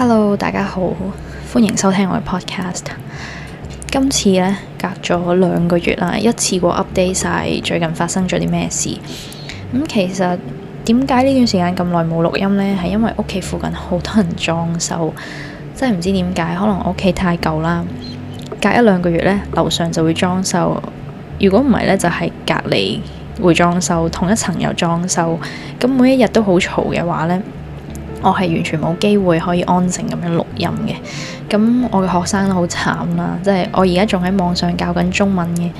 Hello，大家好，歡迎收聽我嘅 podcast。今次呢，隔咗兩個月啦，一次過 update 晒最近發生咗啲咩事。咁、嗯、其實點解呢段時間咁耐冇錄音呢？係因為屋企附近好多人裝修，真係唔知點解。可能我屋企太舊啦，隔一兩個月呢，樓上就會裝修，如果唔係呢，就係、是、隔籬會裝修，同一層又裝修，咁每一日都好嘈嘅話呢。我係完全冇機會可以安靜咁樣錄音嘅，咁我嘅學生都好慘啦，即係我而家仲喺網上教緊中文嘅，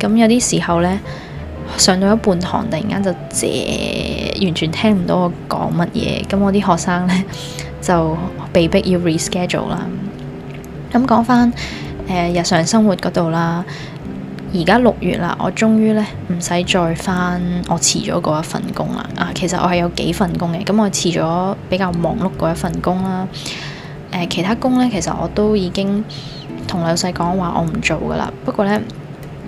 咁有啲時候呢，上到一半堂，突然間就謝，完全聽唔到我講乜嘢，咁我啲學生呢，就被迫要 reschedule 啦。咁講翻誒日常生活嗰度啦。而家六月啦，我終於咧唔使再返我辭咗嗰一份工啦。啊，其實我係有幾份工嘅，咁我辭咗比較忙碌嗰一份工啦。誒、呃，其他工咧其實我都已經同老細講話我唔做噶啦。不過咧，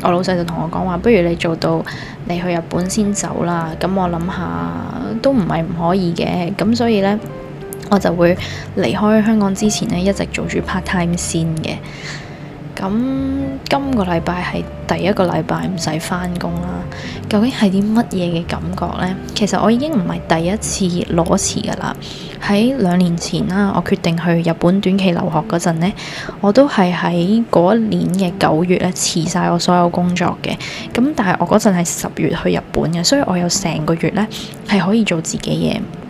我老細就同我講話，不如你做到你去日本先走啦。咁我諗下都唔係唔可以嘅，咁所以咧我就會離開香港之前咧一直做住 part time 先嘅。咁今個禮拜係第一個禮拜唔使返工啦。究竟係啲乜嘢嘅感覺呢？其實我已經唔係第一次裸辭㗎喇。喺兩年前啦，我決定去日本短期留學嗰陣咧，我都係喺嗰一年嘅九月咧辭晒我所有工作嘅。咁但係我嗰陣係十月去日本嘅，所以我有成個月咧係可以做自己嘢。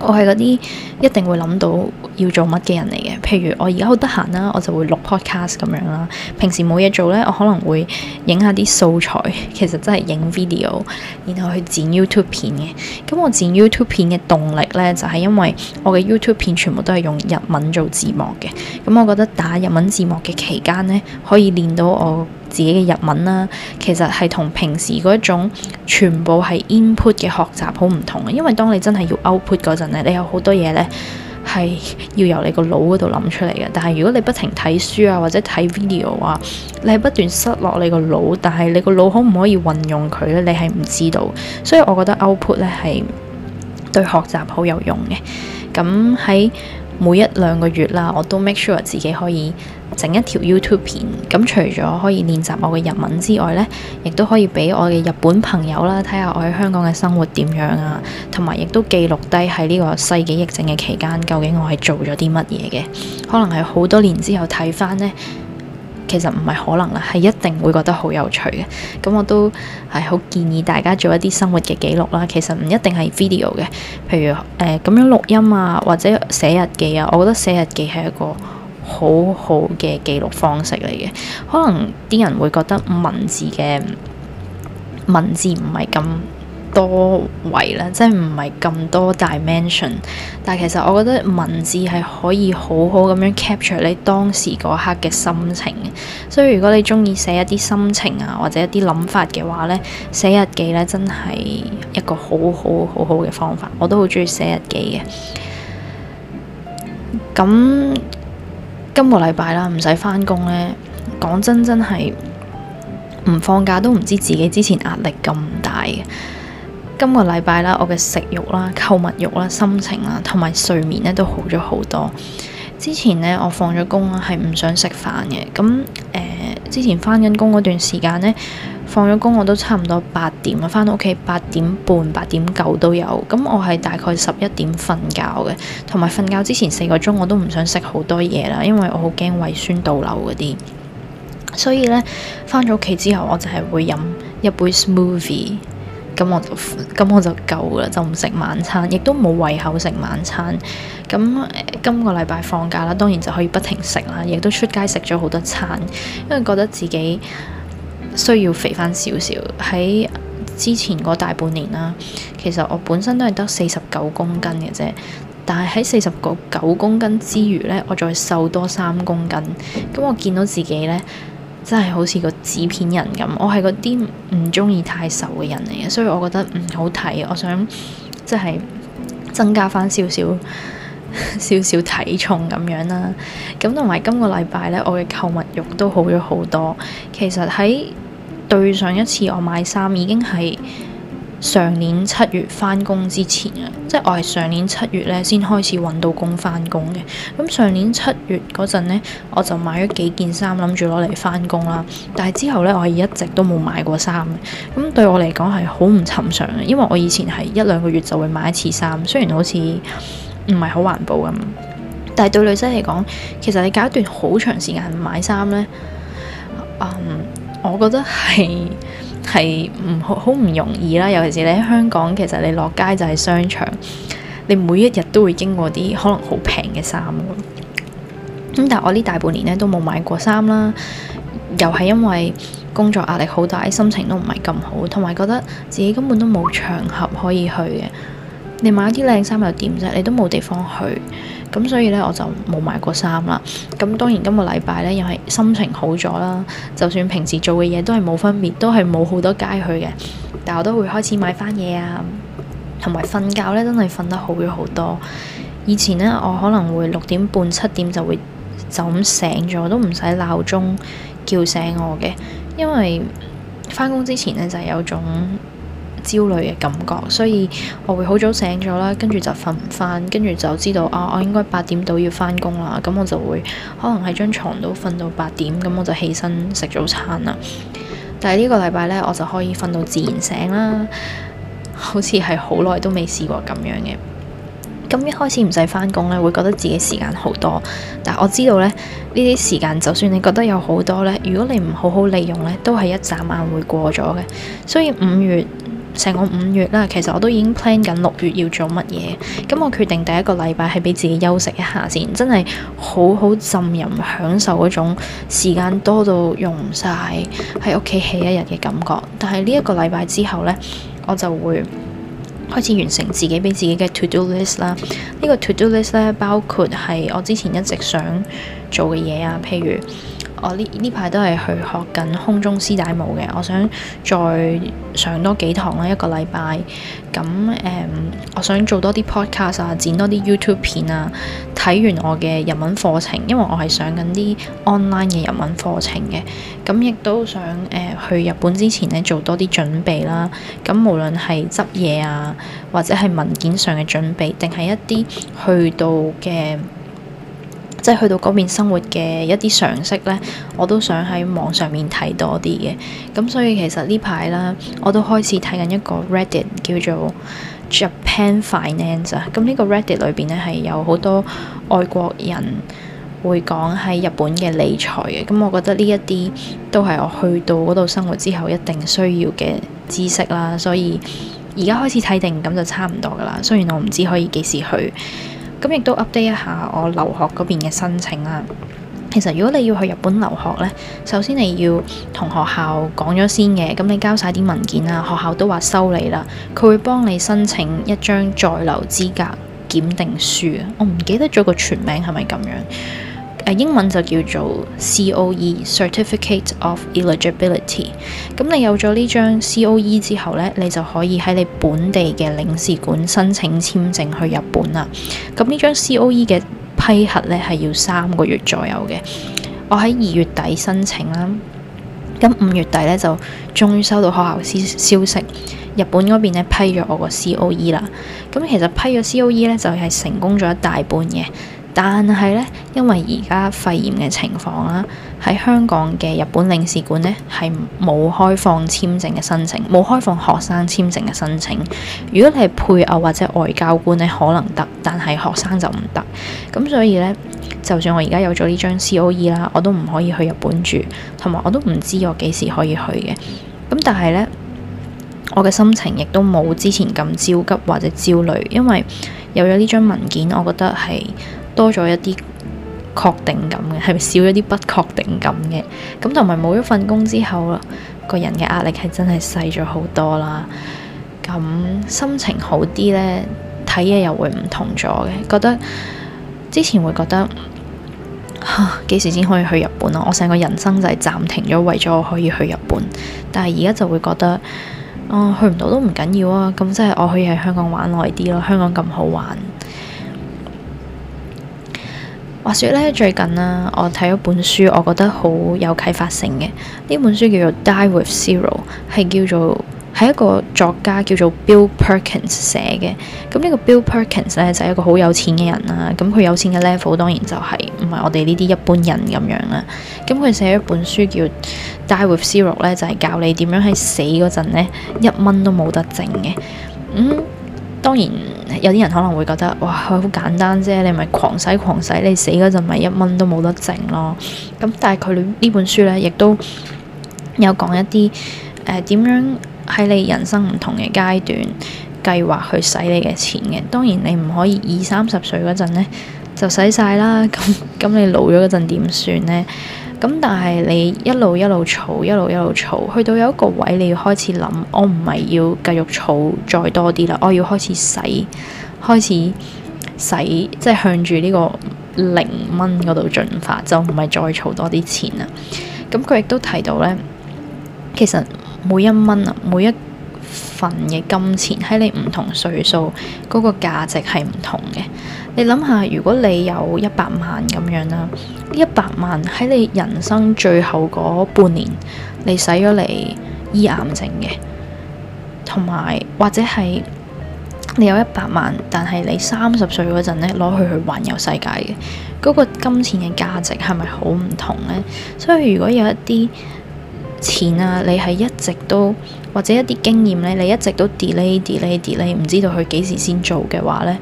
我係嗰啲一定會諗到要做乜嘅人嚟嘅，譬如我而家好得閒啦，我就會錄 podcast 咁樣啦。平時冇嘢做咧，我可能會影下啲素材，其實真係影 video，然後去剪 YouTube 片嘅。咁、嗯、我剪 YouTube 片嘅動力咧，就係、是、因為我嘅 YouTube 片全部都係用日文做字幕嘅。咁、嗯、我覺得打日文字幕嘅期間咧，可以練到我自己嘅日文啦、啊，其實係同平時嗰一種全部係 input 嘅學習好唔同嘅，因為當你真係要 output 嗰陣咧，你有好多嘢咧係要由你個腦嗰度諗出嚟嘅。但係如果你不停睇書啊或者睇 video 啊，你係不斷塞落你個腦，但係你個腦可唔可以運用佢咧？你係唔知道。所以我覺得 output 咧係對學習好有用嘅。咁喺每一兩個月啦，我都 make sure 自己可以整一條 YouTube 片。咁除咗可以練習我嘅日文之外呢，亦都可以俾我嘅日本朋友啦睇下我喺香港嘅生活點樣啊，同埋亦都記錄低喺呢個世紀疫症嘅期間，究竟我係做咗啲乜嘢嘅？可能係好多年之後睇翻呢。其實唔係可能啦，係一定會覺得好有趣嘅。咁我都係好建議大家做一啲生活嘅記錄啦。其實唔一定係 video 嘅，譬如誒，咁樣錄音啊，或者寫日記啊。我覺得寫日記係一個好好嘅記錄方式嚟嘅。可能啲人會覺得文字嘅文字唔係咁。多維啦，即係唔係咁多 dimension，但係其實我覺得文字係可以好好咁樣 capture 你當時嗰刻嘅心情，所以如果你中意寫一啲心情啊，或者一啲諗法嘅話呢，寫日記呢真係一個好好好好嘅方法，我都好中意寫日記嘅。咁今個禮拜啦，唔使返工呢。講真，真係唔放假都唔知自己之前壓力咁大嘅。今個禮拜啦，我嘅食慾啦、購物慾啦、心情啦，同埋睡眠咧都好咗好多。之前呢，我放咗工啦，係唔想食飯嘅。咁誒、呃，之前翻緊工嗰段時間呢，放咗工我都差唔多八點啊，翻到屋企八點半、八點九都有。咁我係大概十一點瞓覺嘅，同埋瞓覺之前四個鐘我都唔想食好多嘢啦，因為我好驚胃酸倒流嗰啲。所以呢，翻咗屋企之後，我就係會飲一杯 smoothie。.咁我就咁我就夠啦，就唔食晚餐，亦都冇胃口食晚餐。咁、呃、今個禮拜放假啦，當然就可以不停食啦，亦都出街食咗好多餐，因為覺得自己需要肥返少少。喺之前嗰大半年啦，其實我本身都係得四十九公斤嘅啫，但係喺四十九公斤之餘呢，我再瘦多三公斤。咁我見到自己呢，真係好似個紙片人咁，我係嗰啲唔中意太瘦嘅人嚟嘅，所以我覺得唔好睇。我想即係增加翻少少 少少體重咁樣啦。咁同埋今個禮拜呢，我嘅購物慾都好咗好多。其實喺對上一次我買衫已經係。上年七月返工之前啊，即係我係上年七月咧先開始揾到工返工嘅。咁上年七月嗰陣咧，我就買咗幾件衫，諗住攞嚟翻工啦。但係之後呢，我係一直都冇買過衫嘅。咁對我嚟講係好唔尋常嘅，因為我以前係一兩個月就會買一次衫，雖然好似唔係好環保咁，但係對女仔嚟講，其實你隔一段好長時間買衫呢，嗯，我覺得係。係唔好好唔容易啦，尤其是你喺香港，其實你落街就係商場，你每一日都會經過啲可能好平嘅衫咯。咁但係我呢大半年咧都冇買過衫啦，又係因為工作壓力好大，心情都唔係咁好，同埋覺得自己根本都冇場合可以去嘅。你買啲靚衫又點啫？你都冇地方去。咁所以咧我就冇買過衫啦。咁當然今個禮拜咧又係心情好咗啦，就算平時做嘅嘢都係冇分別，都係冇好多街去嘅。但我都會開始買返嘢啊，同埋瞓覺咧真係瞓得好咗好多。以前咧我可能會六點半七點就會就咁醒咗，都唔使鬧鐘叫醒我嘅，因為返工之前咧就係有種，焦慮嘅感覺，所以我會好早醒咗啦，跟住就瞓唔返，跟住就知道啊，我應該八點到要返工啦。咁我就會可能喺張床度瞓到八點，咁我就起身食早餐啦。但係呢個禮拜呢，我就可以瞓到自然醒啦，好似係好耐都未試過咁樣嘅。咁一開始唔使返工呢，會覺得自己時間好多，但我知道呢呢啲時間，就算你覺得有好多呢，如果你唔好好利用呢，都係一眨眼會過咗嘅。所以五月。成個五月啦，其實我都已經 plan 緊六月要做乜嘢。咁我決定第一個禮拜係俾自己休息一下先，真係好好浸淫享受嗰種時間多到用唔晒喺屋企起一日嘅感覺。但係呢一個禮拜之後呢，我就會開始完成自己俾自己嘅 to do list 啦。呢個 to do list 咧，包括係我之前一直想做嘅嘢啊，譬如～我呢呢排都係去學緊空中絲大舞嘅，我想再上多幾堂啦一個禮拜。咁誒、嗯，我想做多啲 podcast 啊，剪多啲 YouTube 片啊。睇完我嘅日文課程，因為我係上緊啲 online 嘅日文課程嘅。咁亦都想誒、呃、去日本之前咧，做多啲準備啦。咁無論係執嘢啊，或者係文件上嘅準備，定係一啲去到嘅。即係去到嗰邊生活嘅一啲常識呢，我都想喺網上面睇多啲嘅。咁所以其實呢排啦，我都開始睇緊一個 Reddit 叫做 Japan Finance 啊。咁呢個 Reddit 裏邊呢，係有好多外國人會講喺日本嘅理財嘅。咁我覺得呢一啲都係我去到嗰度生活之後一定需要嘅知識啦。所以而家開始睇定，咁就差唔多㗎喇。雖然我唔知可以幾時去。咁亦都 update 一下我留學嗰邊嘅申請啦。其實如果你要去日本留學呢，首先你要同學校講咗先嘅，咁你交晒啲文件啊，學校都話收你啦，佢會幫你申請一張在留資格檢定書啊。我唔記得咗個全名係咪咁樣？英文就叫做 C.O.E. Certificate of Eligibility。咁你有咗呢張 C.O.E. 之後呢，你就可以喺你本地嘅領事館申請簽證去日本啦。咁、e、呢張 C.O.E. 嘅批核呢係要三個月左右嘅。我喺二月底申請啦，咁五月底呢就終於收到學校消消息，日本嗰邊呢批咗我個 C.O.E. 啦。咁其實批咗 C.O.E. 呢，就係、是、成功咗一大半嘅。但係呢，因為而家肺炎嘅情況啦，喺香港嘅日本領事館呢，係冇開放簽證嘅申請，冇開放學生簽證嘅申請。如果你係配偶或者外交官呢，可能得，但係學生就唔得。咁所以呢，就算我而家有咗呢張 COE 啦，我都唔可以去日本住，同埋我都唔知我幾時可以去嘅。咁但係呢，我嘅心情亦都冇之前咁焦急或者焦慮，因為有咗呢張文件，我覺得係，多咗一啲確定感嘅，係咪少咗啲不確定感嘅？咁同埋冇咗份工之後啦，個人嘅壓力係真係細咗好多啦。咁心情好啲呢，睇嘢又會唔同咗嘅。覺得之前會覺得，幾時先可以去日本咯？我成個人生就係暫停咗，為咗我可以去日本。但係而家就會覺得，哦、啊，去唔到都唔緊要啊。咁即係我可以喺香港玩耐啲咯，香港咁好玩。話説咧，最近啦，我睇咗本書，我覺得好有啟發性嘅。呢本書叫做《Die With Zero》，係叫做係一個作家叫做 Bill Perkins 寫嘅。咁呢個 Bill Perkins 咧就係一個好有錢嘅人啦。咁佢有錢嘅 level 當然就係唔係我哋呢啲一般人咁樣啦。咁佢寫咗本書叫《Die With Zero》咧，就係教你點樣喺死嗰陣咧一蚊都冇得剩嘅。嗯。當然有啲人可能會覺得，哇好簡單啫！你咪狂使狂使，你死嗰陣咪一蚊都冇得剩咯。咁但係佢呢本書呢，亦都有講一啲誒點樣喺你人生唔同嘅階段計劃去使你嘅錢嘅。當然你唔可以二三十歲嗰陣呢，就使晒啦。咁咁，你老咗嗰陣點算呢？咁但係你一路一路儲，一路一路儲，去到有一個位，你要開始諗，我唔係要繼續儲再多啲啦，我要開始使，開始使，即係向住呢個零蚊嗰度進化，就唔係再儲多啲錢啦。咁佢亦都提到呢，其實每一蚊啊，每一份嘅金錢喺你唔同歲數嗰個價值係唔同嘅。你諗下，如果你有一百萬咁樣啦，呢一百萬喺你人生最後嗰半年，你使咗嚟醫癌症嘅，同埋或者係你有一百萬，但係你三十歲嗰陣咧攞去去環遊世界嘅，嗰個金錢嘅價值係咪好唔同呢？所以如果有一啲。錢啊，你係一直都或者一啲經驗咧，你一直都 delay delay delay，唔知道佢幾時先做嘅話咧，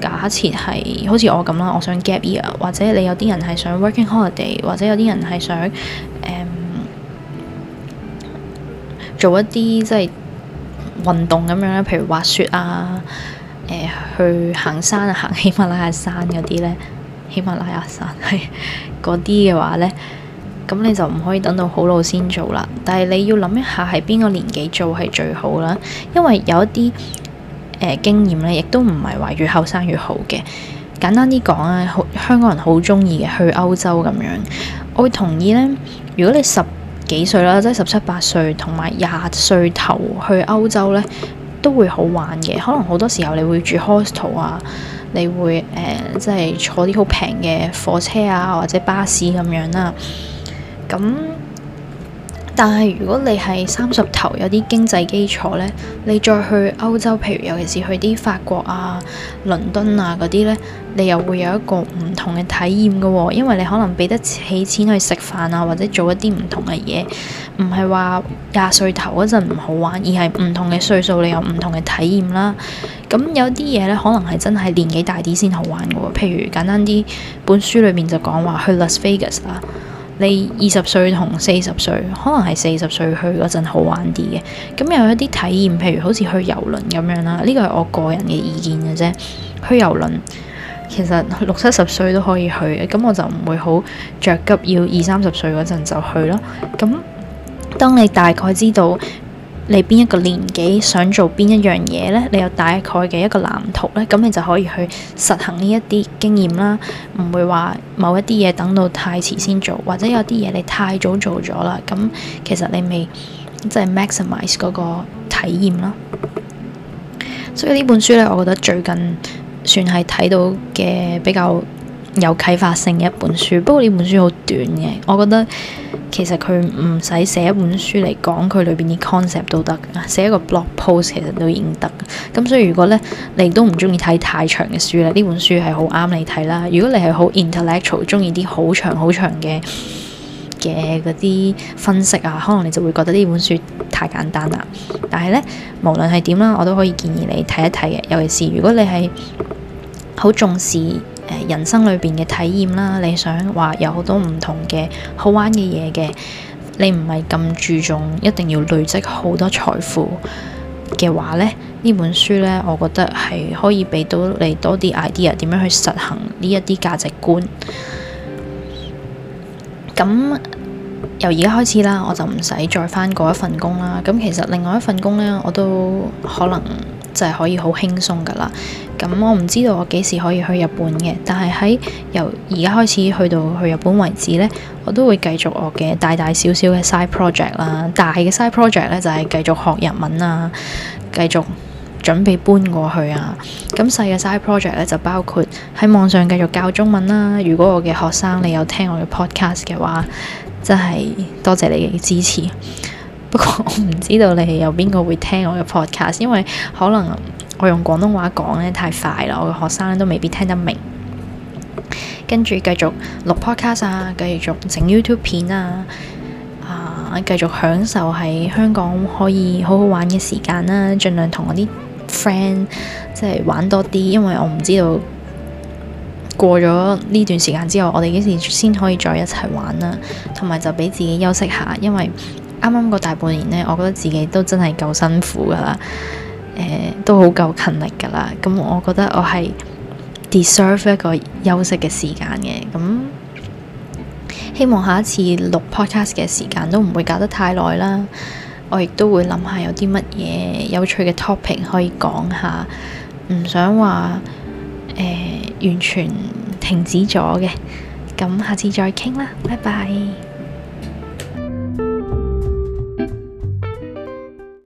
假設係好似我咁啦，我想 gap year，或者你有啲人係想 working holiday，或者有啲人係想、嗯、做一啲即係運動咁樣咧，譬如滑雪啊，誒、呃、去行山啊，行喜馬拉雅山嗰啲咧，喜馬拉雅山係嗰啲嘅話咧。咁你就唔可以等到好老先做啦。但係你要諗一下，係邊個年紀做係最好啦？因為有一啲誒、呃、經驗咧，亦都唔係話越後生越好嘅。簡單啲講啊，好香港人好鍾意嘅去歐洲咁樣。我會同意呢，如果你十幾歲啦，即係十七八歲，同埋廿歲頭去歐洲呢，都會好玩嘅。可能好多時候你會住 hostel 啊，你會誒、呃、即係坐啲好平嘅火車啊，或者巴士咁樣啦、啊。咁，但係如果你係三十頭有啲經濟基礎呢，你再去歐洲，譬如尤其是去啲法國啊、倫敦啊嗰啲呢，你又會有一個唔同嘅體驗嘅喎。因為你可能俾得起錢去食飯啊，或者做一啲唔同嘅嘢，唔係話廿歲頭嗰陣唔好玩，而係唔同嘅歲數你有唔同嘅體驗啦。咁有啲嘢呢，可能係真係年紀大啲先好玩嘅喎。譬如簡單啲本書裏面就講話去 Las Vegas 啦。你二十歲同四十歲，可能係四十歲去嗰陣好玩啲嘅，咁有一啲體驗，譬如好似去遊輪咁樣啦，呢個係我個人嘅意見嘅啫。去遊輪其實六七十歲都可以去，咁我就唔會好着急要二三十歲嗰陣就去咯。咁當你大概知道，你邊一個年紀想做邊一樣嘢呢？你有大概嘅一個藍圖呢，咁你就可以去實行呢一啲經驗啦，唔會話某一啲嘢等到太遲先做，或者有啲嘢你太早做咗啦，咁其實你未即係 maximize 嗰個體驗啦。所以呢本書呢，我覺得最近算係睇到嘅比較有啟發性嘅一本書，不過呢本書好短嘅，我覺得其實佢唔使寫一本書嚟講佢裏邊啲 concept 都得，寫一個 blog post 其實都已經得。咁所以如果咧你都唔中意睇太長嘅書咧，呢本書係好啱你睇啦。如果你係好 intellectual，中意啲好長好長嘅嘅嗰啲分析啊，可能你就會覺得呢本書太簡單啦。但係呢，無論係點啦，我都可以建議你睇一睇嘅。尤其是如果你係好重視。人生裏邊嘅體驗啦，你想話有好多唔同嘅好玩嘅嘢嘅，你唔係咁注重一定要累積好多財富嘅話呢，呢本書呢，我覺得係可以俾到你多啲 idea 點樣 ide 去實行呢一啲價值觀。咁由而家開始啦，我就唔使再返過一份工啦。咁其實另外一份工呢，我都可能。就係可以好輕鬆噶啦，咁我唔知道我幾時可以去日本嘅，但係喺由而家開始去到去日本為止呢，我都會繼續我嘅大大小小嘅 side project 啦。大嘅 side project 呢就係繼續學日文啊，繼續準備搬過去啊。咁細嘅 side project 呢就包括喺網上繼續教中文啦、啊。如果我嘅學生你有聽我嘅 podcast 嘅話，真係多謝你嘅支持。不過我唔知道你係有邊個會聽我嘅 podcast，因為可能我用廣東話講咧太快啦，我嘅學生都未必聽得明。跟住繼續錄 podcast 啊，繼續整 YouTube 片啊，啊繼續享受喺香港可以好好玩嘅時間啦、啊，盡量同我啲 friend 即係玩多啲，因為我唔知道過咗呢段時間之後，我哋幾時先可以再一齊玩啦、啊，同埋就俾自己休息下，因為。啱啱個大半年呢，我覺得自己都真係夠辛苦噶啦，誒、呃、都好夠勤力噶啦。咁、嗯、我覺得我係 deserve 一個休息嘅時間嘅。咁、嗯、希望下一次錄 podcast 嘅時間都唔會搞得太耐啦。我亦都會諗下有啲乜嘢有趣嘅 topic 可以講下，唔想話誒、呃、完全停止咗嘅。咁、嗯、下次再傾啦，拜拜。